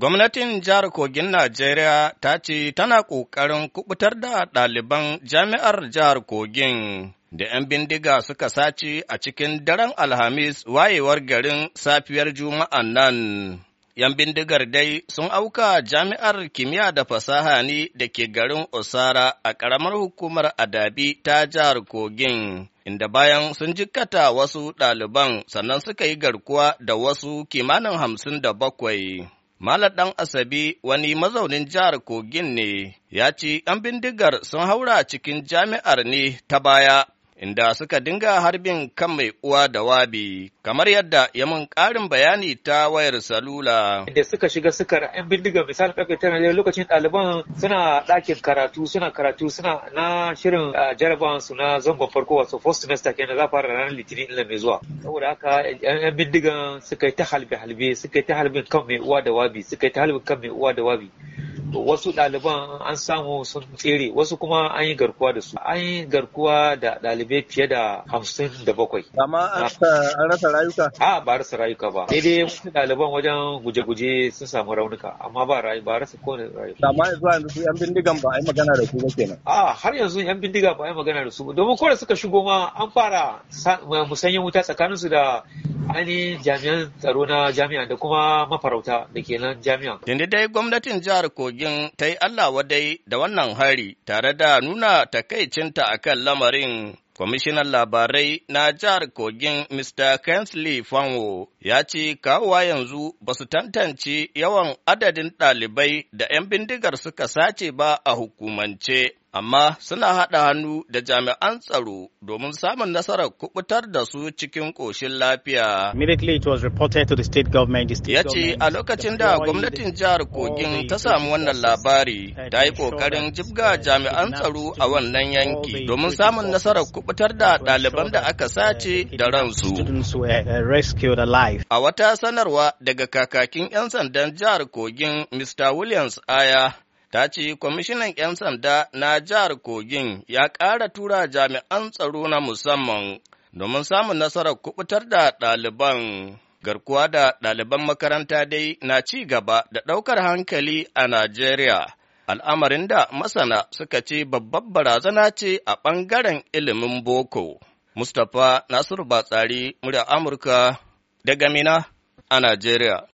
Gwamnatin jihar Kogin Najeriya ta ce tana ƙoƙarin kubutar da ɗaliban jami'ar jihar Kogin da ‘yan bindiga suka sace a cikin daren Alhamis wayewar garin safiyar Juma'a nan. ‘Yan bindigar dai sun auka jami'ar kimiyya da fasaha ne da ke garin Osara a ƙaramar hukumar Adabi ta jihar Kogin. inda bayan sun jikkata wasu ɗaliban sannan suka yi garkuwa da wasu kimanin hamsin da bakwai. Malam ɗan Asabi wani mazaunin jihar Kogin ne, ya ce ‘yan bindigar sun haura cikin jami'ar ne ta baya inda suka dinga harbin kan mai uwa da wabi, kamar yadda ya mun ƙarin bayani ta wayar salula. Da suka shiga suka ‘yan bindiga misali ƙarfe tana da lokacin ɗaliban suna ɗakin karatu suna karatu suna na shirin jarabawan su na zangon farko wato first semester kenan za fara ranar litinin ɗin mai zuwa. Saboda haka ‘yan bindigan suka yi ta halbe halbe suka yi ta halbin kan mai uwa da wabi suka yi ta halbin kan mai uwa da wabi. wasu ɗaliban an samu sun tsere wasu kuma an yi garkuwa da su an yi garkuwa da ɗalibai fiye da hamsin da bakwai amma an rasa rayuka a ba rasa rayuka ba sai dai wasu ɗaliban wajen guje-guje sun samu raunuka amma ba rayu ba rasa kowane rayuka amma yanzu yanzu yan bindigan ba a yi magana da su ba kenan a har yanzu yan bindiga ba a yi magana da su domin kore suka shigo ma an fara musanyen wuta tsakaninsu da ainihin jami'an tsaro na jami'a da kuma mafarauta da ke nan jami'a. Tunda dai gwamnatin jihar Kogin ta yi Allah wadai da wannan hari tare da nuna takaicinta a kan lamarin. Kwamishinan labarai na jihar Kogin Mr. Kensley Fanwo ya ce kawowa yanzu ba su tantance yawan adadin ɗalibai da 'yan bindigar suka sace ba a hukumance. amma suna haɗa hannu da jami'an tsaro domin samun nasarar kubutar da su cikin ƙoshin lafiya. Ya ce a lokacin da gwamnatin jihar Kogin ta samu wannan labari, uh, ta yi ƙoƙarin jibga uh, jami'an tsaro a wannan yanki domin samun nasarar kubutar da ɗaliban da aka uh, sace da ransu. A wata sanarwa daga kakakin 'yan sandan jihar Kogin, Mr. Williams Aya, ta ce kwamishinan 'yan sanda na jihar Kogin ya ƙara tura jami'an tsaro na musamman domin samun nasarar kubutar da ɗaliban. Garkuwa da ɗaliban makaranta dai na ci gaba da ɗaukar hankali a Najeriya, al'amarin da masana suka ce babbar barazana ce a ɓangaren ilimin boko. Mustapha Nasiru Batsari, murya Amurka, daga Mina a Najeriya.